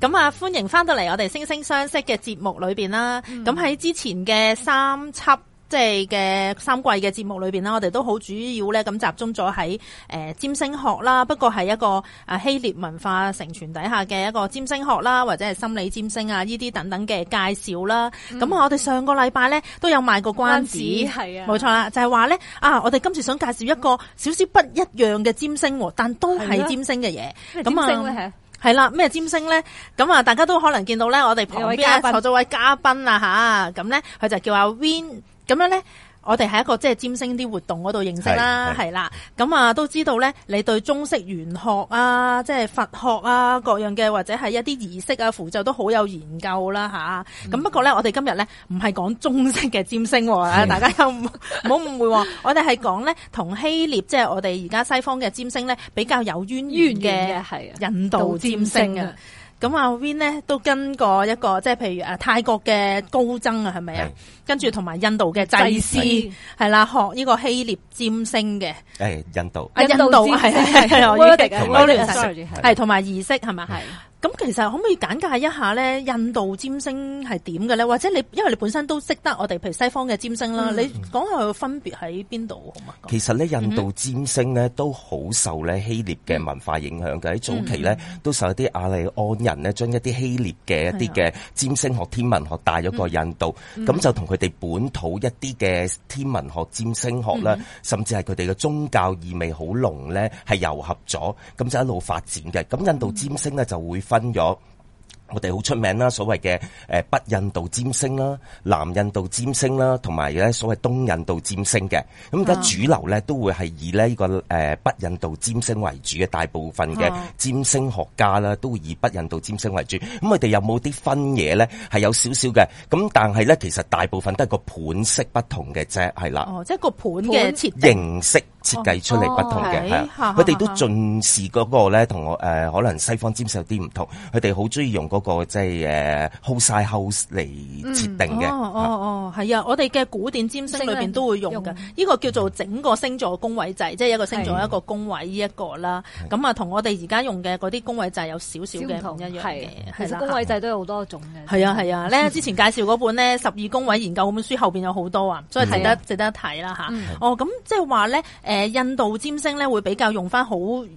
咁啊，歡迎翻到嚟我哋星聲相析嘅節目裏邊啦。咁、嗯、喺之前嘅三輯、嗯、即係嘅三季嘅節目裏邊啦，我哋都好主要咧咁集中咗喺誒占星學啦。不過係一個啊希臘文化承傳底下嘅一個占星學啦，或者係心理占星啊，呢啲等等嘅介紹啦。咁、嗯啊，就是、啊，我哋上個禮拜咧都有賣過關子，係啊，冇錯啦，就係話咧啊，我哋今次想介紹一個少少不一樣嘅占星，但都係占星嘅嘢。咁啊。係啦，咩占星咧？咁啊，大家都可能見到咧，我哋旁邊坐咗位嘉賓啊吓，咁咧佢就叫阿 Win，咁樣咧。我哋喺一個即係占星啲活動嗰度認識啦，係啦，咁啊都知道咧，你對中式玄學啊，即係佛學啊，各樣嘅或者係一啲儀式啊、符咒都好有研究啦吓，咁、嗯、不過咧，我哋今日咧唔係講中式嘅占星、嗯，大家又唔好 誤會。我哋係講咧同希臘，即係我哋而家西方嘅占星咧比較有淵源嘅係印度占星啊。咁阿 Win 咧都跟過一個，即係譬如誒、啊、泰國嘅高僧啊，係咪啊？跟住同埋印度嘅祭師係啦，學呢個希臘占星嘅。誒、欸啊，印度，印度係係係，我呢啲同我聯繫同埋儀式係咪係？咁其實可唔可以簡介一下咧印度占星係點嘅咧？或者你因為你本身都識得我哋譬如西方嘅占星啦、嗯，你講下佢分別喺邊度好嘛？其實咧，印度占星咧都好受咧希臘嘅文化影響嘅。喺、嗯、早期咧、嗯、都受一啲亞利安人咧將一啲希臘嘅一啲嘅占星學天文學帶咗過印度，咁、嗯嗯、就同佢哋本土一啲嘅天文學占星學啦、嗯，甚至係佢哋嘅宗教意味好濃咧，係糅合咗，咁就一路發展嘅。咁印度占星咧就會。分咗。我哋好出名啦，所謂嘅誒北印度占星啦、南印度占星啦，同埋咧所謂東印度占星嘅。咁而家主流咧都會係以咧呢個誒北印度占星為主嘅，大部分嘅占星學家啦，都會以北印度占星為主。咁佢哋有冇啲分野咧？係有少少嘅。咁但係咧，其實大部分都係個盤式不同嘅啫，係啦。哦，即係個盤嘅設形式設計出嚟不同嘅，係、哦、啊。佢哋都盡視個咧，同我誒可能西方占星有啲唔同。佢哋好中意用、個。嗰個即係誒晒 o 嚟設定嘅、嗯。哦哦哦，係、哦、啊！我哋嘅古典占星裏邊都會用嘅。呢、這個叫做整個星座宮位制，嗯、即係一個星座一個宮位依、這、一個啦。咁啊，同我哋而家用嘅嗰啲宮位制有少少嘅唔一樣嘅。係啊，宮位制都有好多種嘅。係啊係啊，咧、嗯、之前介紹嗰本呢十二宮位研究嗰本書後邊有好多啊，所以睇得、嗯、值得一睇啦吓、嗯啊嗯、哦，咁即係話咧誒，印度占星咧會比較用翻好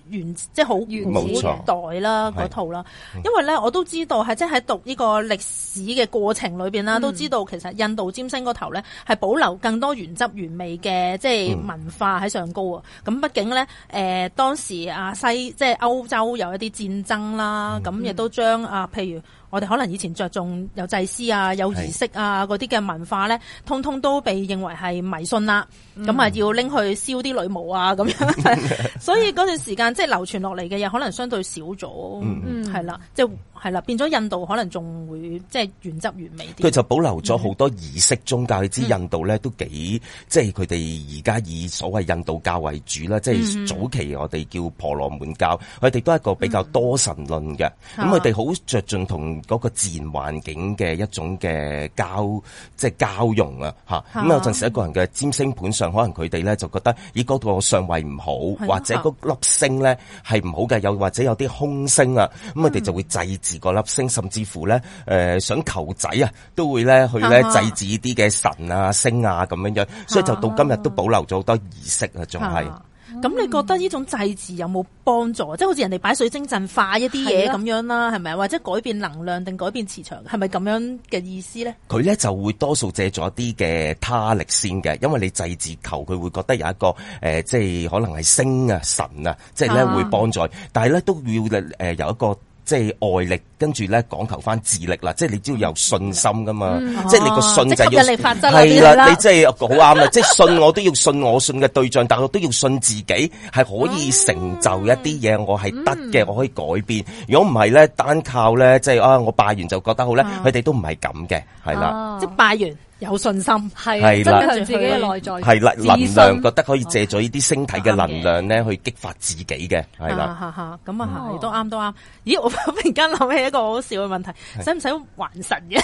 原、嗯、即係好原古代啦嗰套啦，因為咧、嗯、我都知。度係即係喺讀呢個歷史嘅過程裏邊啦、嗯，都知道其實印度占星嗰頭咧係保留更多原汁原味嘅即係文化喺上高啊。咁、嗯、畢竟咧，誒、呃、當時啊西即係歐洲有一啲戰爭啦，咁亦都將、嗯、啊，譬如。我哋可能以前著重有祭司啊、有儀式啊嗰啲嘅文化咧，通通都被認為係迷信啦。咁、嗯、啊，咁要拎去燒啲女巫啊咁樣。 所以嗰段時間即係、就是、流傳落嚟嘅嘢，可能相對少咗。嗯，係啦，即係係啦，變咗印度可能仲會即係、就是、原汁原味啲。佢就保留咗好多儀式宗教，嗯、佢知印度咧都幾即係佢哋而家以所謂印度教為主啦。即、就、係、是、早期我哋叫婆羅門教，佢哋都係一個比較多神論嘅。咁佢哋好著重同，嗰、那個自然環境嘅一種嘅交即係交融是啊，嚇、嗯！咁有陣時一個人嘅占星盤上，可能佢哋咧就覺得咦，個個上位唔好、啊，或者嗰粒星咧係唔好嘅，又或者有啲空星啊，咁佢哋就會制止嗰粒星、嗯，甚至乎咧誒、呃、想求仔啊，都會咧去咧制止啲嘅神啊星啊咁樣樣，所以就到今日都保留咗好多儀式還是啊，仲係、啊。咁你覺得呢種祭祀有冇幫助、嗯、即係好似人哋擺水晶陣化一啲嘢咁樣啦，係咪或者改變能量定改變磁場，係咪咁樣嘅意思咧？佢咧就會多數借助一啲嘅他力先嘅，因為你祭祀求，佢會覺得有一個、呃、即係可能係星啊、神啊，即係咧會幫助，但係咧都要、呃、有一個。即係外力，跟住咧講求翻自力啦。即係你只要有信心噶嘛。嗯、即係你個信就要係啦。你即係好啱啦。 即係信我都要信我信嘅對象，但我都要信自己係可以成就一啲嘢。我係得嘅，我可以改變。如果唔係咧，單靠咧，即、就、係、是、啊，我拜完就覺得好咧。佢、嗯、哋都唔係咁嘅，係啦、嗯。即係拜完。有信心，係、啊，增強自己嘅內在，係啦，能量，覺得可以借助呢啲星體嘅能量咧，去激發自己嘅，係啦，咁啊，係都啱，都啱。咦、欸，我忽然間諗起一個好笑嘅問題，使唔使還神嘅？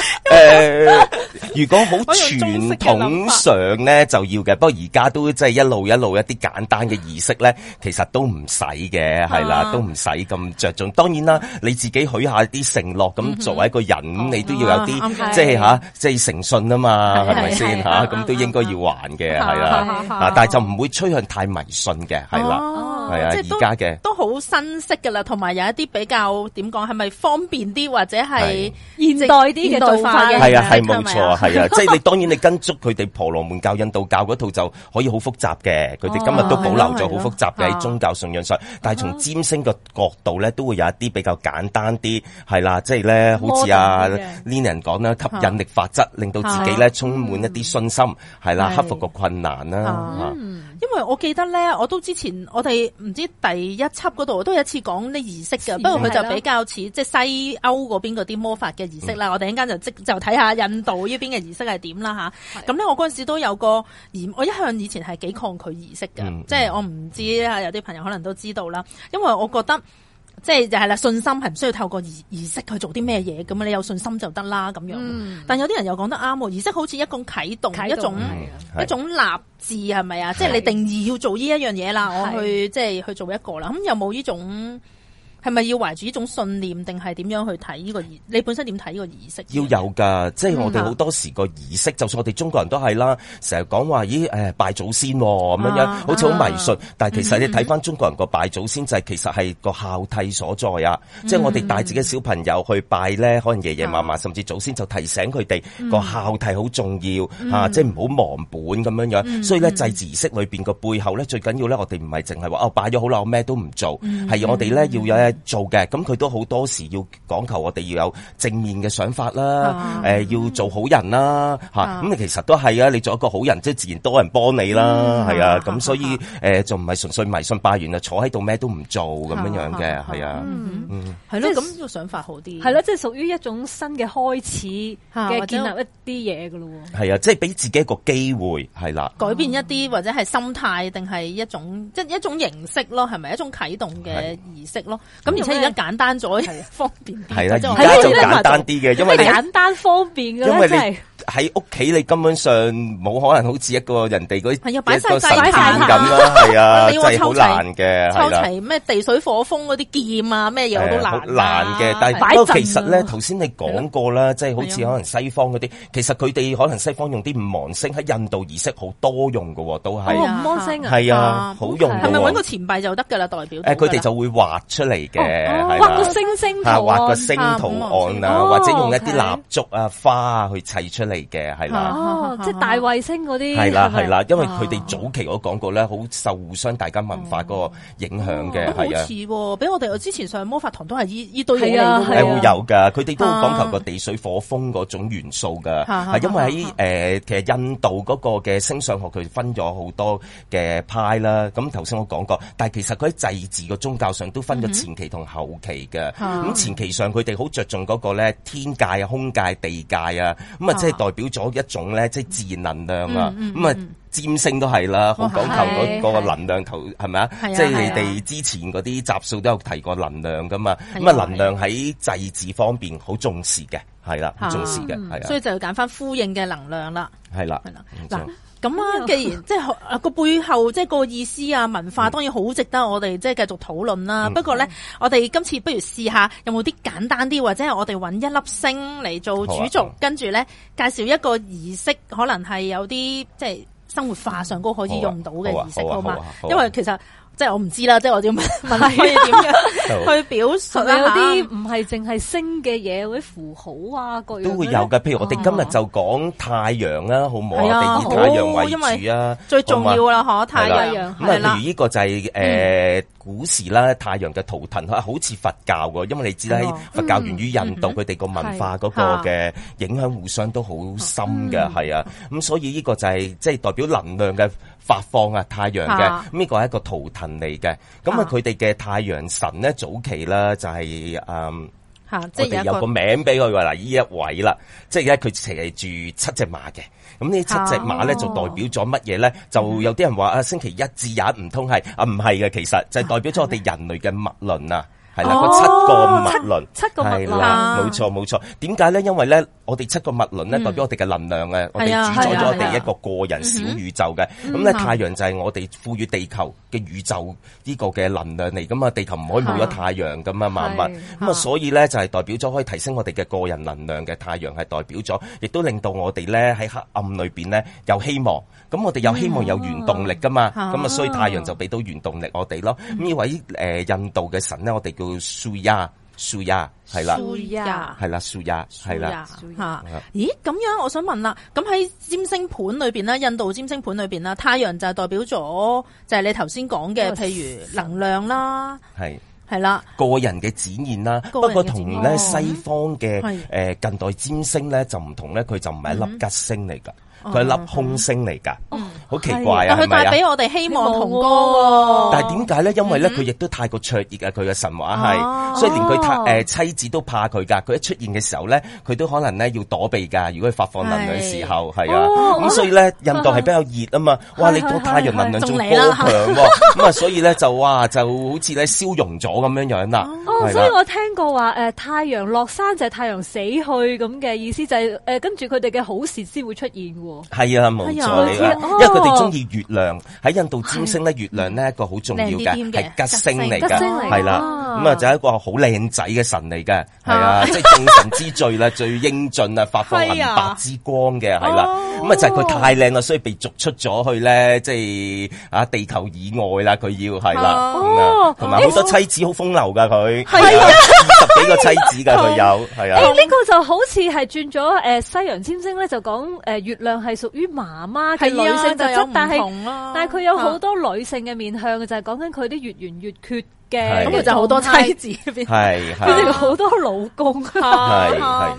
誒、 呃，如果好傳統上咧就要嘅，不過而家都即係一路一路一啲簡單嘅儀式咧，其實都唔使嘅，係、啊、啦，都唔使咁着重。當然啦，你自己許下啲承諾，咁、嗯、作為一個人，你都要有啲即係吓，即係誠、啊、信啊嘛，係咪先吓？咁、啊、都應該要還嘅，係啦，啊，但係就唔會吹向太迷信嘅，係啦。啊係、哦、啊，即係而家嘅都好新式噶啦，同埋有一啲比較點講，係咪方便啲或者係現代啲嘅做法嘅？係啊，係冇錯，係啊， 即係你 當然你跟足佢哋婆羅門教、印度教嗰套就可以好複雜嘅，佢、哦、哋今日都保留咗好複雜嘅喺宗教信仰上，是但係從占星嘅角度咧，都會有一啲比較簡單啲係啦，即係咧好似啊 Leon 講啦，吸引力法則，令到自己咧充滿一啲信心係啦，克服個困難啦。嗯是，因為我記得咧，我都之前我哋。唔知第一輯嗰度都有一次講啲儀式嘅，不過佢就比較似即係西歐嗰邊嗰啲魔法嘅儀式啦、嗯。我哋一陣間就即就睇下印度呢邊嘅儀式係點啦吓，咁、嗯、咧、啊、我嗰陣時都有個我一向以前係幾抗拒儀式嘅、嗯，即係我唔知有啲朋友可能都知道啦，因為我覺得。即係就係啦，信心係唔需要透過儀儀式去做啲咩嘢，咁你有信心就得啦咁樣、嗯。但有啲人又講得啱喎，儀式好似一共啟動、啟動一種、嗯、一種立志係咪啊？即係你定義要做呢一樣嘢啦，我去即係去做一個啦。咁有冇呢種？係咪要懷住呢種信念，定係點樣去睇呢、這個儀？你本身點睇呢個儀式？要有噶，即、就、係、是、我哋好多時個儀式、嗯，就算我哋中國人都係啦，成日講話咦、誒拜祖先咁、哦、樣、啊、樣，好似好迷信、啊。但係其實你睇翻，中國人個拜祖先就係、是、其實係個孝悌所在啊。即、嗯、係、就是、我哋帶自己小朋友去拜咧、嗯，可能爺爺嫲嫲甚至祖先就提醒佢哋個孝悌好重要、嗯、啊，即係唔好忘本咁樣樣。所以咧，祭祀儀式裏邊個背後咧，最緊要咧，我哋唔係淨係話哦拜咗好耐，我咩都唔做，係、嗯、我哋咧要有。做嘅咁佢都好多時要講求我哋要有正面嘅想法啦，誒、啊呃、要做好人啦吓，咁、啊、你、啊、其實都係啊，你做一個好人即係自然多人幫你啦，係、嗯、啊，咁、啊啊、所以誒、啊呃、就唔係純粹迷信拜完啦，坐喺度咩都唔做咁樣樣嘅，係啊，係咯，即呢個想法好啲，係啦即係屬於一種新嘅開始嘅建立一啲嘢噶咯，係啊，即係俾自己一個機會係啦、啊嗯，改變一啲或者係心態定係一種即係一種形式咯，係咪一種啟動嘅儀式咯？咁而且而家簡單咗， 方便啲，而家就簡單啲嘅，因為簡單方便嘅啦，真係。喺屋企你根本上冇可能好似一個人哋嗰啲一個十字架咁啦，係啊，真係好難嘅，係啦，抽齊咩地水火風嗰啲劍啊，咩嘢都難難嘅。但係不過其實咧，頭先你講過啦，即係好似可能西方嗰啲，其實佢哋可能西方用啲五芒星，喺印度儀式好多用噶，都係五芒星啊，係啊，好用嘅。係咪揾個錢幣就得噶啦？代表誒，佢哋就會畫出嚟嘅，畫個星星，畫個星圖案啊，或者用一啲蠟燭啊、花啊去砌出。嚟嘅係啦，哦，即係大衞星嗰啲係啦，係啦，因為佢哋早期我講過咧，好受互相大家文化嗰個影響嘅係啊，好似俾我哋我之前上魔法堂都係依依堆嘢，係啊係啊，係會有㗎，佢哋都講求個地水火風嗰種元素㗎，係因為喺誒嘅印度嗰個嘅星相學，佢分咗好多嘅派啦。咁頭先我講過，但係其實佢喺祭祀個宗教上都分咗前期同後期嘅。咁前期上佢哋好著重嗰個咧天界啊、空界、地界啊，咁啊即係。代表咗一種咧，即係自然能量啊，咁、嗯、啊，占、嗯、星、嗯、都係啦，好講求嗰個能量頭，係、哦、咪啊？即、就、係、是、你哋之前嗰啲集數都有提過能量噶嘛，咁啊，能量喺祭祀方面好重視嘅，係啦、啊，啊、重視嘅，係、嗯啊。所以就要揀翻呼應嘅能量了啦。係啦，係啦，嗱。咁啊，既 然即係個背後即係個意思啊，文化當然好值得我哋即係繼續討論啦。嗯、不過咧，嗯、我哋今次不如試下有冇啲簡單啲，或者係我哋揾一粒星嚟做主軸，跟住咧，介紹一個儀式，可能係有啲即係生活化上高可以用到嘅儀式，好嘛、啊？好啊，好啊，好啊，因為其實。即係我唔知啦，即係我點問佢點樣去表述啊，啲唔係淨係星嘅嘢，嗰啲符號啊各樣都會有嘅。譬如我哋今日就講太陽啦，好唔好啊？以太陽為主啊，最重要啦嗬，太陽系啦。咁啊，譬如呢個就係誒古時啦，太陽嘅圖騰，好似佛教噶。因為你知啦，佛教源於印度，佢哋個文化嗰個嘅影響互相都好深嘅，係啊。咁所以呢個就係即係代表能量嘅發放啊，太陽嘅呢個係一個圖騰嚟嘅，咁啊佢哋嘅太陽神咧早期啦就係、是、誒、嗯啊，我哋有個名俾佢話呢一位啦，即係咧佢騎住七隻馬嘅，咁呢七隻馬咧就代表咗乜嘢咧？就有啲人話啊、嗯、星期一至日，唔通係啊，唔係嘅，其實就係代表咗我哋人類嘅物論。啊。七個脈輪，係啦，冇錯冇錯。點解咧？因為咧，我哋七個脈輪咧，代表我哋嘅能量啊！我哋主宰咗我哋一個個人小宇宙嘅。咁咧，太陽就係我哋賦予地球嘅宇宙呢個嘅能量嚟。咁啊，地球唔可以冇咗太陽㗎嘛，萬物。咁啊，所以咧就係代表咗可以提升我哋嘅個人能量嘅太陽係代表咗，亦都令到我哋咧喺黑暗裏邊咧有希望。咁我哋有希望有原動力噶嘛。咁啊，所以太陽就俾到原動力我哋咯。咁呢位誒印度嘅神咧，我哋叫。樹丫，樹丫係啦，樹丫係啦，樹丫係啦吓。咦，咁樣我想問啦，咁喺占星盤裏邊啦，印度占星盤裏邊啦，太陽就代表咗，就係你頭先講嘅，譬如能量啦，係係啦，個人嘅展現啦，不過同咧西方嘅誒近代占星咧就唔同咧，佢、嗯、就唔係一粒吉星嚟噶。嗯佢粒空星嚟噶，好、嗯、奇怪係咪啊？啊！但係佢帶俾我哋希望同光。但係點解咧？因為咧，佢亦都太過灼熱啊！佢嘅神話係、哦，所以連佢誒、呃、妻子都怕佢噶。佢一出現嘅時候咧，佢都可能咧要躲避噶。如果佢發放能量嘅時候係啊，咁、哦嗯嗯嗯、所以咧、嗯、印度係比較熱啊嘛。哇！你個太陽能量仲高強咁啊，所以咧就哇就好似咧消融咗咁樣樣啦。係所以我聽過話誒太陽落山就係太陽死去咁嘅意思，就係誒跟住佢哋嘅好事先會出現。係啊，冇錯啦，因為佢哋中意月亮。喺印度占星咧，月亮呢一個好重要嘅，係吉星嚟噶，係啦，咁啊，啊就係、是、一個好靚仔嘅神嚟嘅，係啊，即係眾神之最啦， 最英俊啊，發放銀白之光嘅，係啦、啊，咁、哦、啊就係佢太靚啦，所以被逐出咗去咧，即係啊地球以外啦，佢要係啦，同埋好多妻子好風流噶，佢係啊，啊十幾個妻子噶佢有係啊，呢、嗯哎這個就好似係轉咗誒西洋占星咧，就講誒月亮。係屬於媽媽嘅女性是、啊、就有唔同、啊、但係佢、啊、有好多女性嘅面向嘅就係講緊佢啲月圓月缺嘅，咁佢就好多妻子變，佢哋好多老公。係。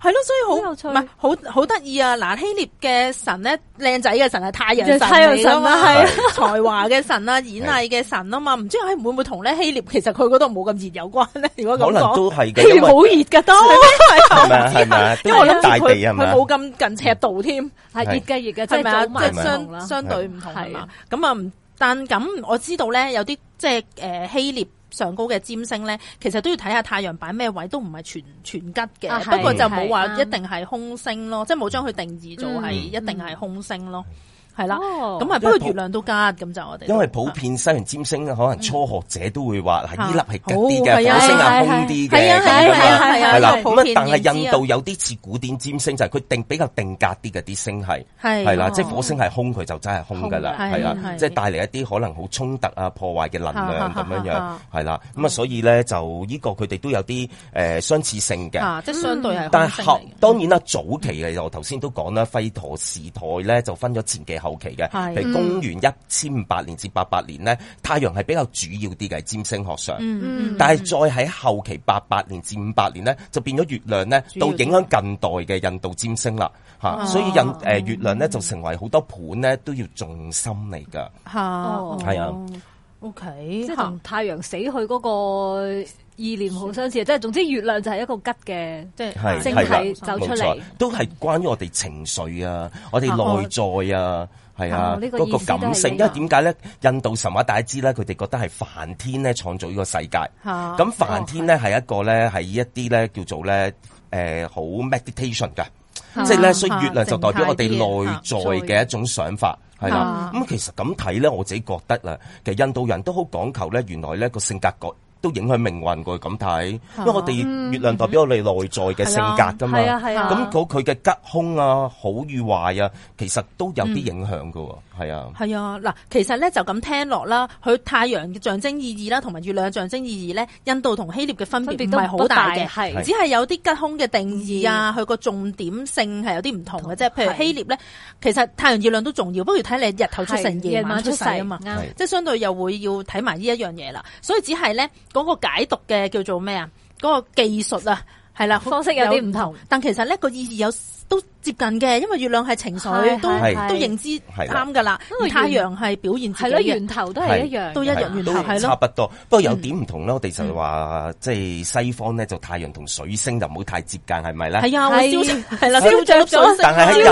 係咯，所以好唔係好好得意啊！嗱，希臘嘅神咧，靚仔嘅神係太陽神嚟啊嘛，係才華嘅神啊，演藝嘅神啊嘛，唔知唔會唔會同咧希臘其實佢嗰度冇咁熱有關咧？如果可能都係嘅，因為好熱噶多因為我佢冇咁近赤道添，係熱嘅熱嘅，咪即係相相，相對唔同係嘛，咁啊，但咁我知道咧，有啲即係誒希臘。上高嘅占星咧，其實都要睇下太陽擺咩位都，都唔係全全吉嘅，啊。不過就冇話一定係凶星咯，即係冇將佢定義做係一定係凶星咯。嗯嗯。係、哦、啦，咁啊，不過月亮都加咁就我哋。因為普遍西洋占星可能初學者都會話嗱，呢、嗯啊、粒係吉啲嘅，火星啊凶啲嘅咁啊，樣啊啊樣啊啊啊啊但係印度有啲似古典占星，就係佢定比較定格啲嘅啲星系，係啦、啊啊啊，即係火星係凶，佢就真係凶噶啦，係啦即係帶嚟一啲可能好衝突啊、破壞嘅能量咁樣係啦。咁啊，啊、嗯，所以咧、嗯、就呢個佢哋都有啲相似性嘅，即相對但係合當然啦，早期嘅我頭先都講啦，吠陀時代咧就分咗前幾後期嘅，譬如公元一千五百年至八百年呢，嗯，太陽係比較主要啲嘅占星學上，嗯嗯，但係再喺後期八百年至五百年呢，就變咗月亮呢，到影響近代嘅印度占星啦，吓，啊，所以印誒、呃、月亮呢，就成為好多盤呢都要重心嚟噶，係啊。O、okay, K，即係同太陽死去嗰個意念好相似，即係總之月亮就係一個吉嘅，即係星體走出嚟，都係關於我哋情緒啊，我哋內在啊，係啊，嗰、哦這個感性。因為點解咧？印度神話大家知呢，佢哋覺得係梵天咧創造呢個世界，咁、啊、梵天咧係、哦、一個咧係一啲咧叫做咧誒好 meditation 嘅，即係咧，所以月亮就代表我哋內在嘅一種想法。係啦，咁其實咁睇咧，我自己覺得啦，其實印度人都好講求咧，原來咧個性格角都影響命運佢咁睇，因為我哋月亮代表我哋內在嘅性格噶嘛，係啊係啊，咁嗰佢嘅吉凶啊、好與壞啊，其實都有啲影響噶。嗯係啊，係啊，嗱，其實咧就咁聽落啦，佢太陽嘅象徵意義啦，同埋月亮嘅象徵意義咧，印度同希臘嘅分別唔係好大嘅，係只係有啲吉凶嘅定義、嗯、啊，佢個重點性係有啲唔同嘅即啫。譬如希臘咧，其實太陽月亮都重要，不如睇你日頭出成夜晚，晚出世啊嘛，即係相對又會要睇埋呢一樣嘢啦，所以只係咧嗰個解讀嘅叫做咩、嗰個、啊，嗰個技術啊。係啦，方式有啲唔同，但其實咧個意義有都接近嘅，因為月亮係情緒，都都認知啱噶啦。因為太陽係表現，係咯，源頭都係一樣，都一樣源頭係咯。都差不多，不過有點唔同呢，我哋就話即係西方咧，就太陽同水星就唔會太接近，係咪咧？係啊，我燒柴，係啦，燒著水星，但係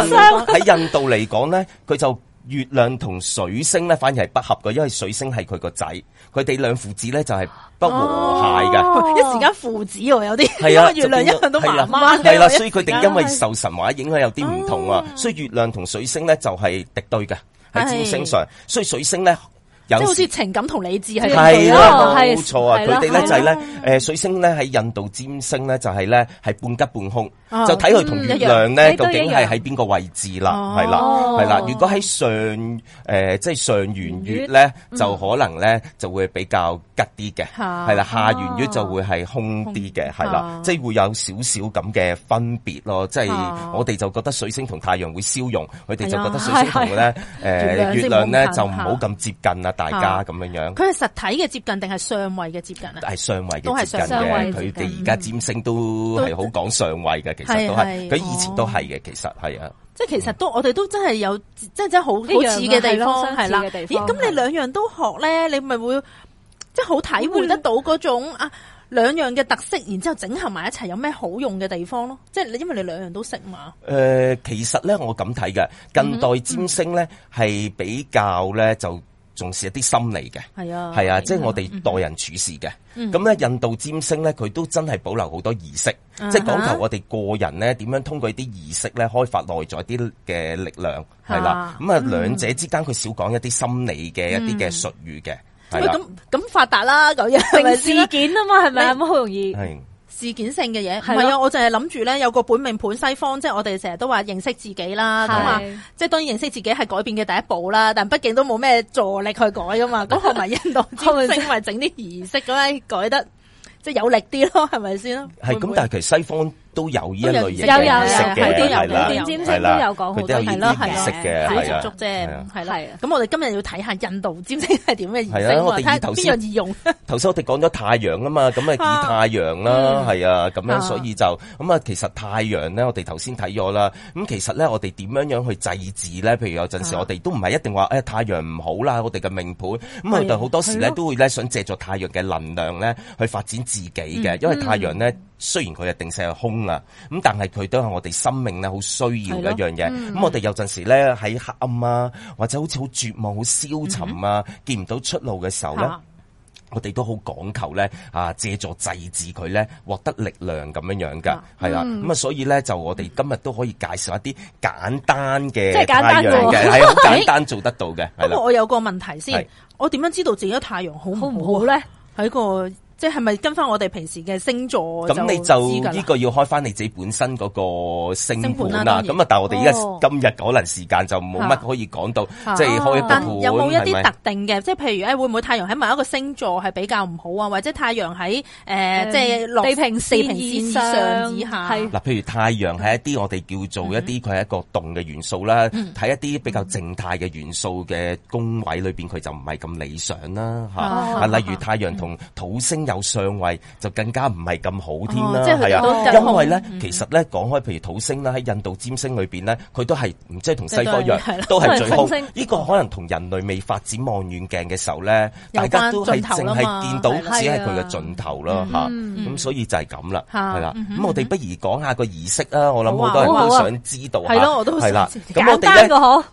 喺印，印度嚟講咧，佢 就月亮同水星咧，反而係不合嘅，因為水星係佢個仔，佢哋兩父子咧就係、是、不和諧嘅。啊、一時間父子，有啲係啊，月亮一向都就變咗係啦，係啦、啊啊，所以佢哋因為受神話影響有啲唔同啊，所以月亮同水星咧就係、是、敵對嘅，喺占星上、啊，所以水星咧。即係好似情感同理智係咯，冇錯啊！佢哋咧就係、是、咧，誒、呃、水星咧喺印度占星咧就係咧係半吉半兇、哦，就睇佢同月亮咧究竟係喺邊個位置啦，係、嗯、啦，係、嗯、啦、哦。如果喺上誒即係上圓月咧、嗯，就可能咧就會比較吉啲嘅，係、嗯、啦。下圓月就會係兇啲嘅，係啦。即係、嗯就是、會有少少咁嘅分別咯。即、嗯、係、就是、我哋就覺得水星同太陽會消融，佢、啊、哋就覺得水星同咧誒月亮咧就唔好咁接近啦。大家咁樣樣，佢係實體嘅接近，定係上位嘅接近啊？係上位嘅，都係上位嘅。佢哋而家占星都係好講上位嘅，其實都係佢以前都係嘅、哦。其實係啊，即係其實都、嗯、我哋都真係有，即係真係好似嘅地方，係啦。咦？咁你兩樣都學咧，你咪會即係、就是、好體會得到嗰種啊？兩樣嘅特色，然之後整合埋一齊，有咩好用嘅地方咯？即係你因為你兩樣都識嘛？誒、呃，其實咧我咁睇嘅近代占星咧係、嗯嗯、比較咧就。重視一啲心理嘅，係啊，係啊，啊，即係我哋待人處事嘅。咁、嗯、咧，印度占星咧，佢都真係保留好多儀式，啊、即係講求我哋個人咧點樣通過啲儀式咧，開發內在啲嘅力量，係啦。咁啊，兩、啊嗯、者之間佢少講一啲心理嘅、嗯、一啲嘅術語嘅。係、啊，咁咁發達啦，咁樣成事件啊嘛，係咪？咁好容易。事件性嘅嘢，唔係啊！我就係諗住咧有個本命盤西方，即係我哋成日都話認識自己啦。咁啊，即係當然認識自己係改變嘅第一步啦。但係畢竟都冇咩助力去改噶嘛。咁學埋印度占星，咪整啲儀式咁樣改得即係有力啲咯，係咪先咯？係咁，但係其實西方，都有呢一類嘢嘅，好啲有，點占星都有講好，係咯，係啲習俗啫，係啊。咁我哋今日要睇下印度占星係點嘅意思，睇邊樣易用。頭先我哋講咗太陽啊嘛，咁啊以太陽啦，係啊，咁、嗯、樣、嗯嗯、所以就咁啊、嗯嗯嗯，其實太陽咧，我哋頭先睇咗啦。咁其實咧，我哋點樣樣去祭祀咧？譬如有陣時，時我哋都唔係一定話誒、哎、太陽唔好啦，我哋嘅命盤，咁我哋好多時咧都會咧想借助太陽嘅能量咧去發展自己嘅，因為太陽咧。雖然佢一定勢係空啊，咁但係佢都係我哋生命咧好需要嘅一樣嘢。咁、嗯、我哋有陣時咧喺黑暗啊，或者好似好絕望、好消沉啊、嗯，見唔到出路嘅時候咧，我哋都好講求咧啊，借助祭祀佢咧獲得力量咁樣樣噶，係啦。咁啊、嗯，所以咧就我哋今日都可以介紹一啲簡單嘅太陽嘅係好簡單做得到嘅。不 過我有個問題先，我點樣知道自己嘅太陽好唔好咧？喺個。即係咪跟翻我哋平時嘅星座咁？你就呢個要開翻你自己本身嗰個星盤啦、啊。咁啊，但係我哋依家今日可能時間就冇乜可以講到，啊、即係開一有冇一啲特定嘅，即係譬如誒、哎，會唔會太陽喺某一個星座係比較唔好啊？或者太陽喺誒即係地平四平線上以下。嗱、呃，譬、嗯、如太陽喺一啲我哋叫做一啲佢係一個動嘅元素啦，睇一啲比較靜態嘅元素嘅宮位裏邊佢就唔係咁理想啦。吓，例如太陽同土星。有上位就更加唔係咁好添啦，係、哦、啊，因為咧，其實咧，講開，譬如土星啦，喺印度占星裏邊咧，佢都係，即係同西國一樣，都係最好。呢、這個可能同人類未發展望遠鏡嘅時候咧，大家都係淨係見到只係佢嘅盡頭咯，吓。咁、嗯嗯、所以就係咁啦，係啦。咁、嗯嗯、我哋不如講下個儀式啊，我諗好多人都想知道，係咯，我都係啦。咁我哋咧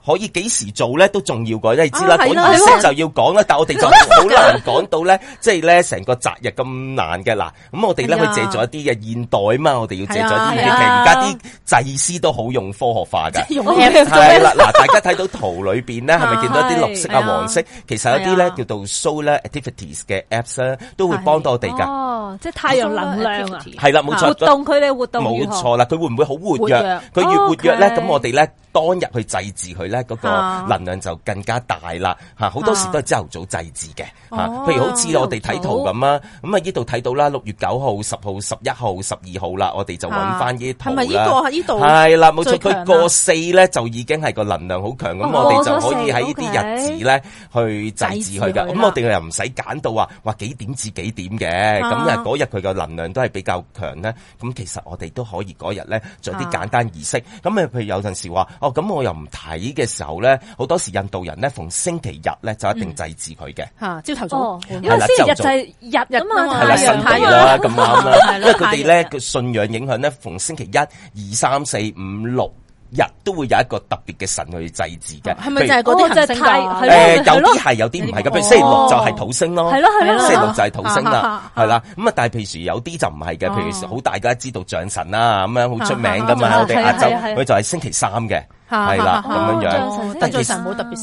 可以幾時做咧都重要過你，你知啦。啊那個儀式就要講啦，但我哋就好難講到咧， 即係咧成個集。咁難嘅嗱，咁我哋咧、哎、去借助一啲嘅現代嘛，我哋要借助啲、哎，其而家啲祭師都好用科學化噶。啦，嗱，大家睇到圖裏邊咧，係、啊、咪見到一啲綠色啊、哎、黃色？其實有啲咧、哎、叫做 Solar Activities 嘅 Apps 咧，都會幫到我哋噶。哦，啊、即係太陽能量啊！係啦、啊，冇錯，活動佢哋活動。冇錯啦，佢會唔會好活躍？佢越活躍咧，咁、okay, 我哋咧當日去祭祀佢咧，嗰個能量就更加大啦。吓，好多時都係朝頭早祭祀嘅吓，譬如好似我哋睇圖咁啊。咁、嗯、啊！呢度睇到啦，六月九號、十號、十一號、十二號啦，我哋就揾翻呢套啦。係咪依個啊？呢度係啦，冇錯。佢個四咧就已經係個能量好強咁，哦、我哋就可以喺呢啲日子咧去祭祀佢噶。咁我哋又唔使揀到話話幾點至幾點嘅。咁啊，嗰日佢個能量都係比較強咧。咁、啊、其實我哋都可以嗰日咧做啲簡單儀式。咁啊，譬如有陣時話哦，咁我又唔睇嘅時候咧，好多時印度人咧逢星期日咧就一定祭祀佢嘅。朝、嗯、頭、啊、早，因為星期日就係日日。日係啦，新地啦，咁啱啦，因為佢哋咧個信仰影響咧，逢星期一、二、三、四、五、六日都會有一個特別嘅神去祭祀嘅。係咪就係嗰啲行星？誒，有啲係，有啲唔係嘅。譬如星期六就係土星咯，係咯係咯。星期六就係土星啦，係啦。咁啊，但係譬如有啲就唔係嘅，譬如好大家知道象神啦，咁樣好出名噶嘛，我哋亞洲佢就係星期三嘅，係啦咁樣樣。但係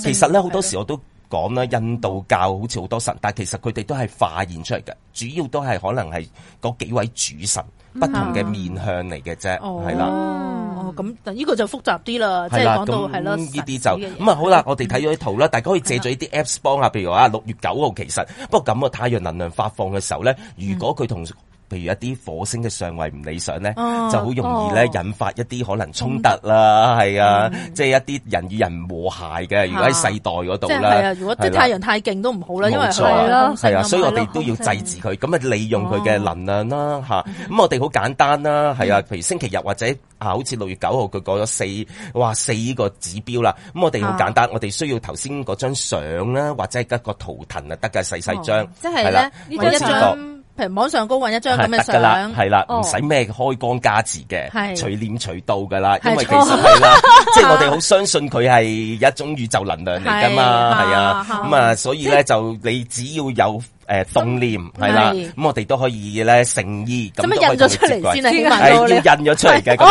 其實咧，好多時我都。講啦，印度教好似好多神，但係其實佢哋都係化現出嚟嘅，主要都係可能係嗰幾位主神、嗯、不同嘅面向嚟嘅啫，哦，係啦。哦，咁嗱，呢個就複雜啲啦，即係講到係咯，呢、嗯、啲就咁啊、嗯嗯嗯嗯。好啦，我哋睇咗啲圖啦，大家可以借咗啲 apps 幫下，譬如話六月九號，其實不過咁個太陽能量發放嘅時候咧，如果佢同。嗯嗯譬如一啲火星嘅上位唔理想咧、啊，就好容易咧引發一啲可能衝突啦，係、嗯啊，就是、啊，即係一啲人與人和諧嘅，如果喺世代嗰度啦，係啊，如果啲太陽太勁都唔好啦，冇錯啦，係啊，所以我哋都要制止佢，咁啊利用佢嘅能量啦，吓、啊，咁、啊、我哋好簡單啦，係啊，譬如星期日或者啊，好似六月九號佢過咗四，哇四個指標啦，咁我哋好簡單，啊、我哋需要頭先嗰張相啦，或者係得個圖騰啊得㗎細細張，即係咧呢張。是啊這一譬如網上高搵一張咁嘅相，係啦，唔使咩開光加持嘅，係隨念隨到噶啦。因為其實係啦， 即係我哋好相信佢係一種宇宙能量嚟噶嘛，係啊，咁啊、嗯嗯，所以咧就你只要有。誒，動念係啦，咁我哋都可以咧，誠意咁都可以去接軌，係要印咗出嚟嘅，咁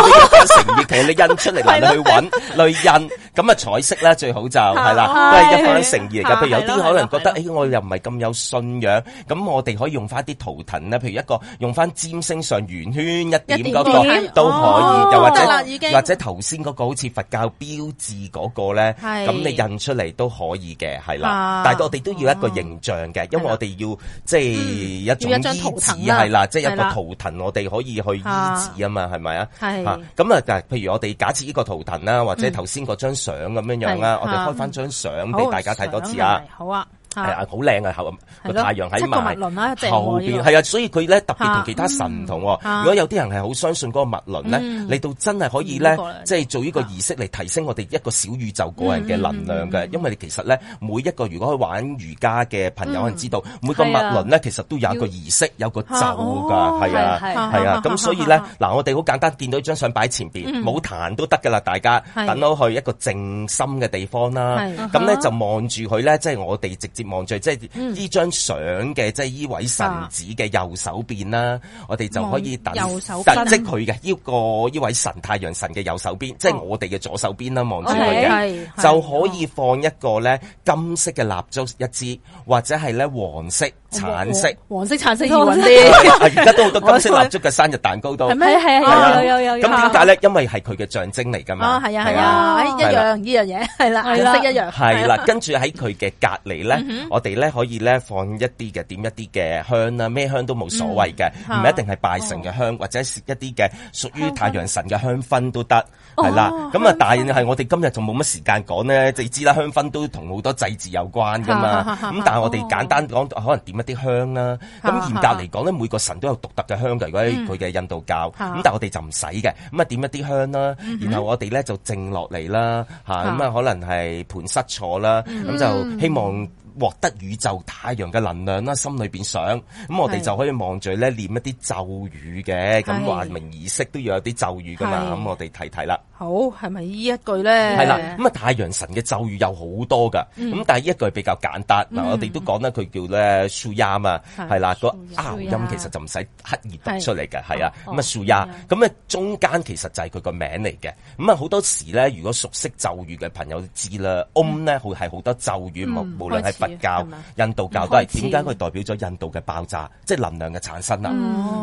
誠意其實你印出嚟嚟去搵，嚟印咁啊，彩色咧最好就係啦，都係一份誠意嚟噶。譬如有啲可能覺得，誒，我又唔係咁有信仰，咁我哋可以用翻啲圖騰咧，譬如一個用翻占星上圓圈一點嗰個都可以，又或者或者頭先嗰個好似佛教標誌嗰個咧，咁你印出嚟都可以嘅，係啦。但係我哋都要一個形象嘅，因為我哋要。.即係一種醫治，係啦，嗯啊，即係一個圖騰，我哋可以去醫治啊嘛，係咪啊？嚇咁啊！但係譬如我哋假設呢個圖騰啦，嗯，或者頭先嗰張相咁樣樣啦，我哋開翻張相俾大家睇多次啊。好，好啊。係啊，好靚啊！太陽在啊個啊個這個、後太陽喺埋後邊，係啊，所以佢咧特別同其他神唔同、啊啊嗯啊。如果有啲人係好相信嗰個脈輪咧，你到真係可以咧，即、這、係、個就是、做呢個儀式嚟提升我哋一個小宇宙個人嘅能量嘅、嗯。因為你其實咧，每一個如果去玩瑜伽嘅朋友，我、嗯、知道每個脈輪咧，其實都有一個儀式，有一個咒噶，係啊，係、哦、啊。咁所以咧，嗱，我哋好簡單看到一張前面，見到張相擺喺前邊，冇彈都得噶啦。大家、啊、等到去一個靜心嘅地方啦。咁咧就望住佢咧，即係我哋直接。望住即係呢張相嘅，即係呢、嗯、位神子嘅右手邊啦、嗯，我哋就可以等等積佢嘅呢個呢位神太陽神嘅右手邊、哦，即係我哋嘅左手邊啦。望住佢嘅，就可以放一個咧、哦、金色嘅蠟燭一支，或者係咧黃色、橙色、黃色、橙色要穩啲。而 家都好多金色蠟燭嘅生日蛋糕都係咩？係 啊，啊，有有有。咁點解咧？因為係佢嘅象徵嚟㗎嘛。哦，係啊，係啊，啊，啊，啊，啊，一樣呢樣嘢係啦，係啦，一樣係啦、啊啊啊啊啊。跟住喺佢嘅隔籬咧。 我哋咧可以咧放一啲嘅點一啲嘅香啦，咩香都冇所謂嘅，唔、嗯、一定係拜神嘅香、哦，或者食一啲嘅屬於太陽神嘅香薰都得，係啦。咁啊、哦，但係我哋今日就冇乜時間講咧，就知啦。香薰都同好多祭祀有關噶嘛。咁、嗯嗯嗯、但係我哋簡單講，可能點一啲香啦。咁、哦、嚴、啊、格嚟講咧，每個神都有獨特嘅香嘅，如果佢嘅印度教。咁、嗯嗯嗯、但係我哋就唔使嘅。咁、嗯、啊，點一啲香啦，然後我哋咧就靜落嚟啦，吓、嗯、咁啊、嗯，可能係盤膝坐啦，咁、嗯、就、嗯嗯、希望。獲得宇宙太陽嘅能量啦，心裏邊想，咁我哋就可以望住念一啲咒語嘅，咁話明儀式都要有啲咒語㗎嘛，咁我哋睇睇啦。好係咪呢一句咧？係啦，咁啊太陽神嘅咒語有好多噶，咁、嗯、但係呢一句比較簡單。嗱、嗯嗯嗯，我哋都講得佢叫咧樹呀嘛，係啦，個拗音其實就唔使刻意讀出嚟嘅，係啊，咁啊樹呀，咁啊、嗯哦哦嗯、中間其實就係佢個名嚟嘅。咁啊好多時咧，如果熟悉咒語嘅朋友知啦，唵咧佢係好多咒語，無論係佛教、印度教都係。點解佢代表咗印度嘅爆炸，即、就、係、是、能量嘅產生啦？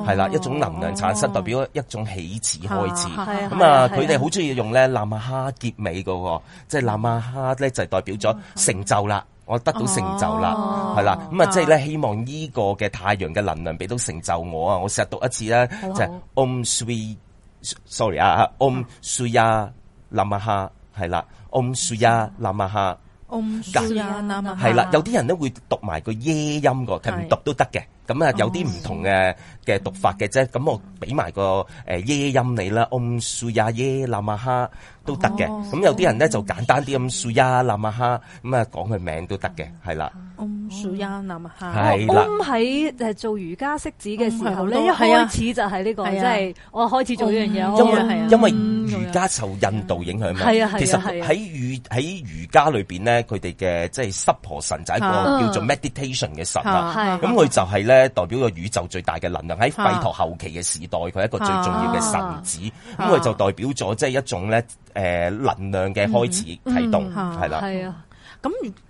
係、嗯、啦、哦，一種能量產生、哦、代表了一種起始開始。咁啊，佢哋好中意。要用咧南嘛哈結尾噶、那、喎、個，即係南嘛哈咧就是、代表咗成就啦，我得到成就啦，係、oh、啦，咁、嗯、啊、嗯、即係咧希望呢個嘅太陽嘅能量俾到成就我，我試試試、oh 就是 oh、Sui，啊！我成日讀一次啦，就、oh、Om Sui，sorry 啊，Om Suryaya 啊，南嘛哈，係啦，Om Suryaya 啊，南嘛哈。唵蘇呀那嘛哈，係啦，有啲人會會讀埋個耶音噶，佢唔讀都得嘅。咁啊，有啲唔同嘅嘅讀法嘅啫。咁、哦、我俾埋個誒耶音你啦、嗯、，唵蘇呀耶那嘛哈都得嘅。咁有啲人咧就簡單啲，唵蘇呀那嘛哈咁啊講佢名都得嘅，係啦。唵數音諗下，咁喺誒做瑜伽息子嘅時候咧、啊，一開始就係呢、這個，啊、即係我、啊嗯、開始做呢樣嘢、啊哦，因為、啊、因為瑜伽受印度影響嘛、啊啊。其實喺瑜喺瑜伽裏邊咧，佢哋嘅即係濕婆神就係、是、一個叫做 meditation 嘅神啦咁，佢、啊啊嗯啊、就係咧代表咗宇宙最大嘅能量喺吠陀後期嘅時代，佢係一個最重要嘅神子。咁佢就代表咗即係一種咧誒能量嘅開始啟動係啦。係啊，咁、啊。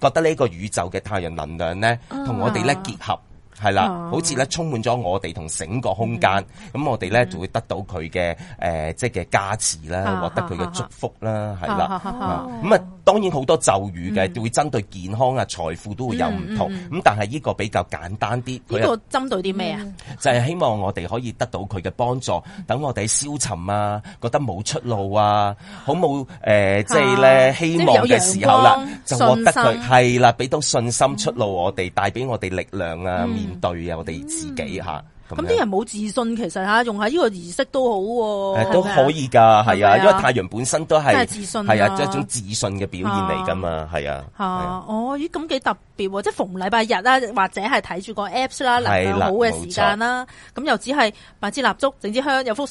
覺得呢個宇宙嘅太陽能量咧，同我哋咧結合。係啦，好似咧充滿咗我哋同整個空間，咁、嗯、我哋咧就會得到佢嘅誒，即係嘅加持、啊獲啊、啦，獲得佢嘅祝福啦，係啦。咁啊，當然好多咒語嘅、嗯，會針對健康啊、財富都會有唔同。咁、嗯嗯、但係呢個比較簡單啲。呢、嗯這個針對啲咩啊？就係、是、希望我哋可以得到佢嘅幫助，等、嗯、我哋消沉啊，嗯、覺得冇出路啊，嗯、好冇誒，即係咧希望嘅時候、嗯、獲啦，就獲得佢係啦，俾到信心出路我哋，帶、嗯、俾我哋力量啊。嗯面對啊，我哋自己吓。咁啲人冇自信，其實、啊、用下呢個儀式都好、啊，喎。都可以㗎，係啊係係，因為太陽本身都係，係自信、啊，係啊，即係、一種自信嘅表現嚟㗎嘛，係啊，啊，啊，哦，咦，咁幾特別，即係逢禮拜日啦，或者係睇住個 Apps 啦，嚟好嘅時間啦，咁、啊、又只係白支蠟燭整支香，有幅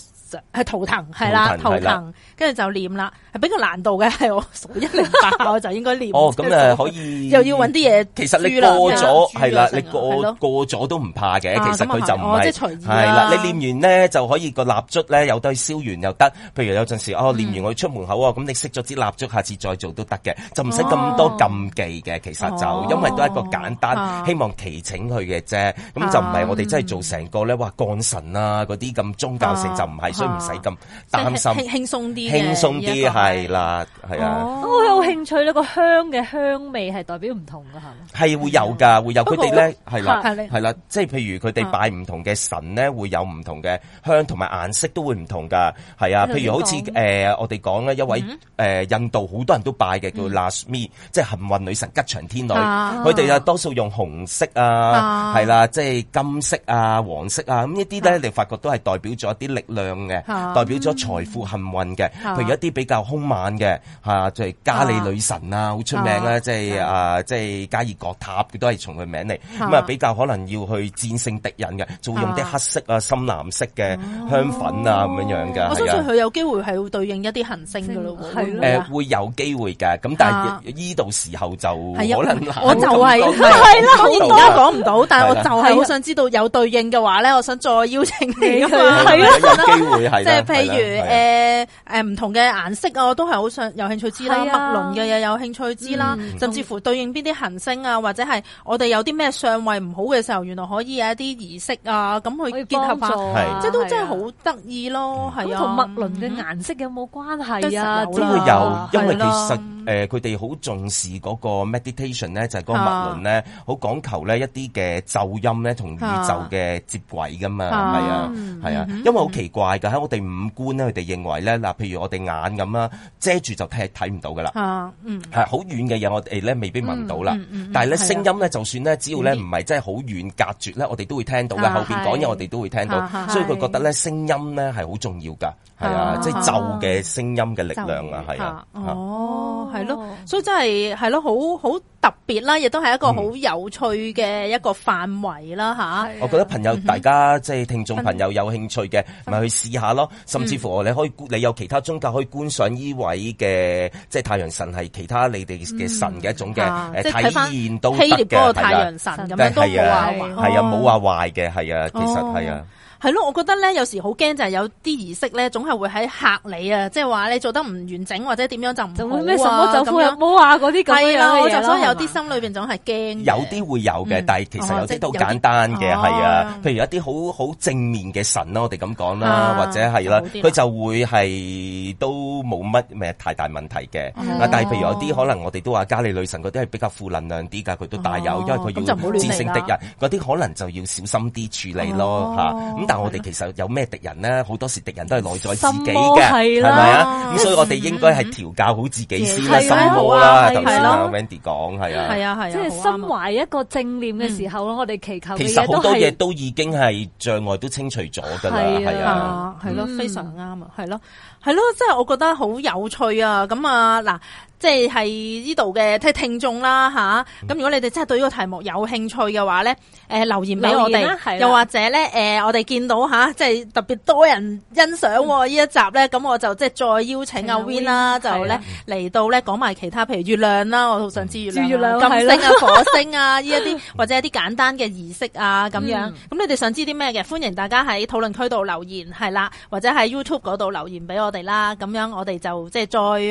係圖騰，係啦、啊，圖騰，跟住、啊啊啊、就念啦，係、啊、比較難度嘅，係我數一零八，108，我就應該念。 哦，咁就係啊、可以，又要搵啲嘢，其實你過咗係啦，你過過咗都唔怕嘅、啊，其實佢就唔係、啊。係啦，你念完咧就可以個蠟燭咧有得燒完又得。譬如有陣時哦，念完我出門口啊，咁你熄咗支蠟燭，下次再做都得嘅，就唔使咁多禁忌嘅。其實就因為都係一個簡單，希望祈請佢嘅啫。咁就唔係我哋真係做成個咧話降神啦，嗰啲咁宗教性就唔係，所以唔使咁擔心，輕鬆啲，輕鬆啲係啦，係啊。好有興趣咧，個香嘅香味係代表唔同噶吓，係會有噶，會有佢哋咧係啦，係啦，即係譬如佢哋拜唔同嘅。神咧，會有唔同嘅香同埋顏色都會唔同噶，係啊，譬如好似誒、呃、我哋講咧一位誒、嗯呃、印度好多人都拜嘅叫 Lakshmi，、嗯、即係幸運女神吉祥天女，佢哋啊他們多數用紅色啊，係、啊、啦，即係、啊就是、金色啊、黃色啊，咁呢啲咧、啊、你發覺都係代表咗一啲力量嘅、啊，代表咗財富幸運嘅、嗯，譬如一啲比較凶猛嘅吓，即、啊、係、就是、加利女神啊，好、啊、出名啊，即、就、係、是、啊即係加爾各答，佢都係從佢名嚟，咁啊比較可能要去戰勝敵人嘅用啲黑色啊、深藍色嘅香粉啊咁樣嘅，我相信佢有機會係會對應一啲行星噶咯、呃，會有機會嘅，咁但係依度時候就可能我就係係啦，我而家講唔到，但係我就係好想知道有對應嘅話咧，我想再邀請你啊嘛，係啦，有機會係，即係譬如誒、呃、唔同嘅顏色啊，我都係好想有興趣知啦，北龍嘅又有興趣知啦、嗯，甚至乎對應邊啲行星啊，或者係我哋有啲咩相位唔好嘅時候，原來可以有一啲儀式啊～咁佢結合咗，即係都真係好得意咯。係同脈輪嘅顏色有冇關係啊？真係有，因有、啊，因為其實誒，佢哋好重視嗰個 meditation 咧，就係嗰個脈輪咧，好講求咧一啲嘅咒音咧同宇宙嘅接軌噶嘛，係啊，啊，啊，嗯、啊，因為好奇怪噶，喺我哋五官咧，佢哋認為咧，嗱，譬如我哋眼咁啦，遮住就睇睇唔到噶啦，係好、啊嗯啊、遠嘅嘢，我哋咧未必聞到啦、嗯嗯嗯嗯，但係咧、啊、聲音咧，就算咧、嗯，只要咧唔係真係好遠隔絕咧，我哋都會聽到嘅後、啊、邊。講嘢我哋都會聽到，啊啊啊、所以佢覺得咧聲音咧係好重要噶，係啊，即係咒嘅聲音嘅力量啊，係啊，哦，係咯、啊哦啊，所以真係係咯，好好、啊、特別啦，亦都係一個好有趣嘅一個範圍啦，吓、嗯啊啊。我覺得朋友、嗯、大家即係、就是、聽眾朋友有興趣嘅，咪、嗯、去試下咯。甚至乎你可以、嗯，你有其他宗教可以觀賞呢位嘅、嗯，即係太陽神係其他你哋嘅神嘅一種嘅體現到嘅太陽神咁樣係啊，冇話壞嘅，係啊。其實係啊。係咯，我覺得咧有時好驚就係、是、有啲儀式咧，總係會喺吓你啊！即係話你做得唔完整或者點樣就唔好啊！咩什麼走火入魔啊嗰啲咁啲咯，我就所以有啲心裏邊總係驚。有啲會有嘅，但係其實有啲都簡單嘅，係、嗯、啊。譬、啊啊啊、如一啲好好正面嘅神咯，我哋咁講啦，或者係啦，佢就會係都冇乜咩太大問題嘅、啊。但係譬如有啲可能我哋都話加利女神嗰啲係比較負能量啲噶，佢都帶有、啊，因為佢要戰勝敵人嗰啲，啊啊、可能就要小心啲處理咯吓。咁、啊但我哋其實有咩敵人咧？好多時敵人都係內在自己嘅，係咪啊？咁 所以我哋應該係調教好自己先啦、嗯，心好啦。頭先阿 Wendy 講係啊，係啊，係啊，啊，即係心懷一個正念嘅時候咯、嗯，我哋祈求其實好多嘢都已經係障礙都清除咗㗎啦，係、嗯、啊，係咯、啊啊嗯，非常啱啊，係咯、啊，係咯，即係我覺得好有趣、嗯、啊！咁啊，嗱。即係呢度嘅聽聽眾啦吓，咁如果你哋真係對呢個題目有興趣嘅話咧、呃，留言俾我哋、啊，又或者咧、呃、我哋見到吓、呃，即係特別多人欣賞呢、啊嗯、一集咧，咁我就即係再邀請阿、啊、Win 啦，啊、Win，就咧嚟到咧講埋其他，譬如月亮啦，我好想知月亮、啊月亮啊、金星啊、火星啊呢一啲，或者一啲簡單嘅儀式啊咁樣。咁、嗯、你哋想知啲咩嘅？歡迎大家喺討論區度留言係啦，或者喺 YouTube 嗰度留言俾我哋啦，咁樣我哋就即係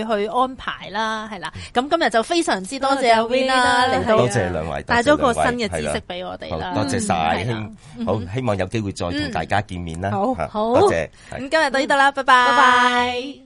再去安排啦。係、嗯、啦，咁、嗯、今日就非常之多謝阿 Win 啦、啊嗯，多謝兩位帶咗個新嘅知識俾我哋啦，多謝晒，好希望有機會再同大家見面啦、嗯嗯，好，多謝，咁、嗯、今日到呢度啦，拜拜。拜拜。